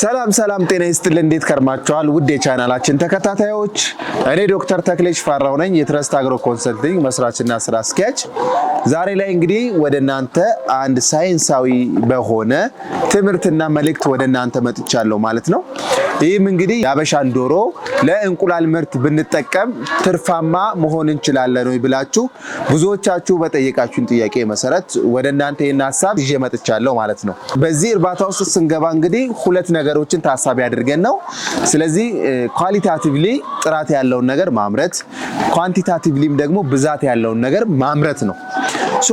ሰላም ሰላም፣ ጤና ይስጥል። እንዴት ከርማችኋል? ውድ የቻናላችን ተከታታዮች፣ እኔ ዶክተር ተክሌሽ ፋራው ነኝ የትረስት አግሮ ኮንሰልቲንግ መስራችና ስራ አስኪያጅ። ዛሬ ላይ እንግዲህ ወደ እናንተ አንድ ሳይንሳዊ በሆነ ትምህርትና መልእክት ወደ እናንተ መጥቻለሁ ማለት ነው። ይህም እንግዲህ የአበሻን ዶሮ ለእንቁላል ምርት ብንጠቀም ትርፋማ መሆን እንችላለን ወይ ብላችሁ ብዙዎቻችሁ በጠየቃችሁን ጥያቄ መሰረት ወደ እናንተ ይህን ሀሳብ ይዤ መጥቻለሁ ማለት ነው። በዚህ እርባታ ውስጥ ስንገባ እንግዲህ ሁለት ነገሮችን ታሳቢ አድርገን ነው። ስለዚህ ኳሊታቲቭሊ ጥራት ያለውን ነገር ማምረት፣ ኳንቲታቲቭሊም ደግሞ ብዛት ያለውን ነገር ማምረት ነው። ሶ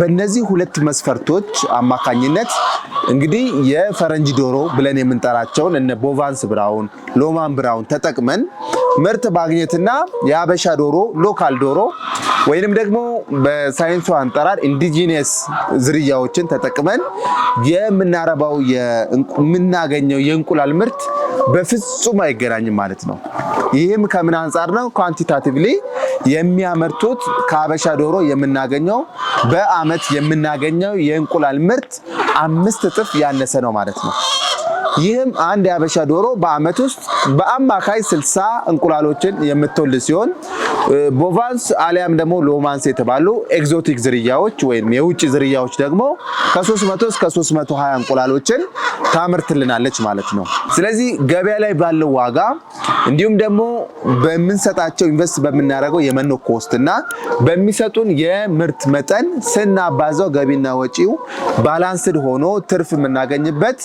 በእነዚህ ሁለት መስፈርቶች አማካኝነት እንግዲህ የፈረንጅ ዶሮ ብለን የምንጠራቸውን እነ ቦቫንስ ብራውን፣ ሎማን ብራውን ተጠቅመን ምርት ማግኘትና የሀበሻ ዶሮ ሎካል ዶሮ ወይንም ደግሞ በሳይንሱ አንጠራር ኢንዲጂነስ ዝርያዎችን ተጠቅመን የምናረባው የምናገኘው የእንቁላል ምርት በፍጹም አይገናኝም ማለት ነው። ይህም ከምን አንጻር ነው? ኳንቲታቲቭሊ የሚያመርቱት ከሀበሻ ዶሮ የምናገኘው በአመት የምናገኘው የእንቁላል ምርት አምስት እጥፍ ያነሰ ነው ማለት ነው። ይህም አንድ የሀበሻ ዶሮ በአመት ውስጥ በአማካይ ስልሳ እንቁላሎችን የምትወልድ ሲሆን ቦቫንስ አሊያም ደግሞ ሎማንስ የተባሉ ኤግዞቲክ ዝርያዎች ወይም የውጭ ዝርያዎች ደግሞ ከ300 እስከ 320 እንቁላሎችን ታምርትልናለች ማለት ነው። ስለዚህ ገበያ ላይ ባለው ዋጋ እንዲሁም ደግሞ በምንሰጣቸው ኢንቨስት በምናደርገው የመኖ ኮስት እና በሚሰጡን የምርት መጠን ስናባዛው ገቢና ወጪው ባላንስድ ሆኖ ትርፍ የምናገኝበት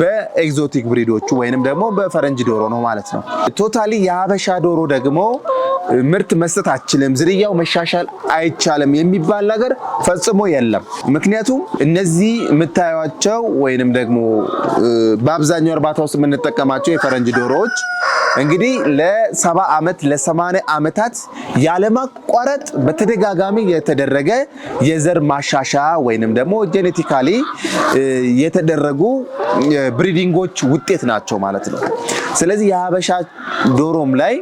በኤግዞቲክ ብሪዶቹ ወይንም ደግሞ በፈረንጅ ዶሮ ነው ማለት ነው። ቶታሊ የሀበሻ ዶሮ ደግሞ ምርት መስጠት አችልም፣ ዝርያው መሻሻል አይቻልም የሚባል ነገር ፈጽሞ የለም። ምክንያቱም እነዚህ የምታዩቸው ወይንም ደግሞ በአብዛኛው እርባታ ውስጥ የምንጠቀማቸው የፈረንጅ ዶሮዎች እንግዲህ ለሰባ ዓመት ለሰማንያ ዓመታት ያለማቋረጥ በተደጋጋሚ የተደረገ የዘር ማሻሻ ወይንም ደግሞ ጄኔቲካሊ የተደረጉ ብሪዲንጎች ውጤት ናቸው ማለት ነው። ስለዚህ የሀበሻ ዶሮም ላይ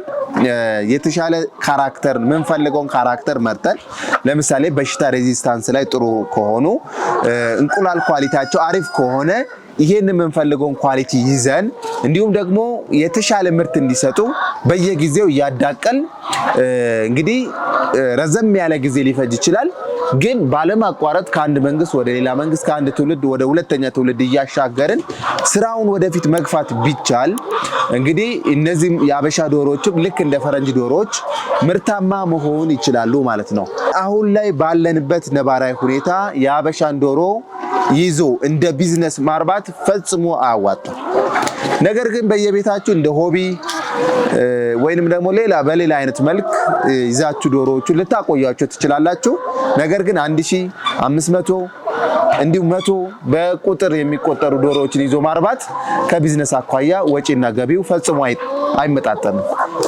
የተሻለ ካራክተር የምንፈልገውን ካራክተር መርጠን ለምሳሌ በሽታ ሬዚስታንስ ላይ ጥሩ ከሆኑ እንቁላል ኳሊቲያቸው አሪፍ ከሆነ ይሄን የምንፈልገውን ኳሊቲ ይዘን እንዲሁም ደግሞ የተሻለ ምርት እንዲሰጡ በየጊዜው እያዳቀል እንግዲህ ረዘም ያለ ጊዜ ሊፈጅ ይችላል። ግን ባለማቋረጥ ከአንድ መንግስት ወደ ሌላ መንግስት ከአንድ ትውልድ ወደ ሁለተኛ ትውልድ እያሻገርን ስራውን ወደፊት መግፋት ቢቻል እንግዲህ እነዚህ የአበሻ ዶሮዎችም ልክ እንደ ፈረንጅ ዶሮዎች ምርታማ መሆን ይችላሉ ማለት ነው። አሁን ላይ ባለንበት ነባራዊ ሁኔታ የአበሻን ዶሮ ይዞ እንደ ቢዝነስ ማርባት ፈጽሞ አያዋጣም። ነገር ግን በየቤታችሁ እንደ ሆቢ ወይንም ደግሞ ሌላ በሌላ አይነት መልክ ይዛችሁ ዶሮዎቹ ልታቆያቸው ትችላላችሁ። ነገር ግን አንድ ሺህ አምስት መቶ እንዲሁም መቶ በቁጥር የሚቆጠሩ ዶሮዎችን ይዞ ማርባት ከቢዝነስ አኳያ ወጪና ገቢው ፈጽሞ አይመጣጠንም።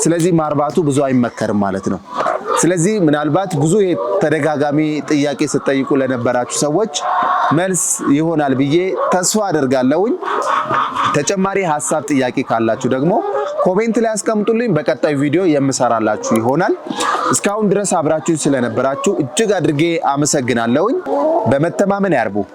ስለዚህ ማርባቱ ብዙ አይመከርም ማለት ነው። ስለዚህ ምናልባት ብዙ ተደጋጋሚ ጥያቄ ስትጠይቁ ለነበራችሁ ሰዎች መልስ ይሆናል ብዬ ተስፋ አደርጋለሁኝ። ተጨማሪ ሀሳብ ጥያቄ ካላችሁ ደግሞ ኮሜንት ላይ አስቀምጡልኝ። በቀጣይ ቪዲዮ የምሰራላችሁ ይሆናል። እስካሁን ድረስ አብራችሁኝ ስለነበራችሁ እጅግ አድርጌ አመሰግናለሁኝ። በመተማመን ያርቡ።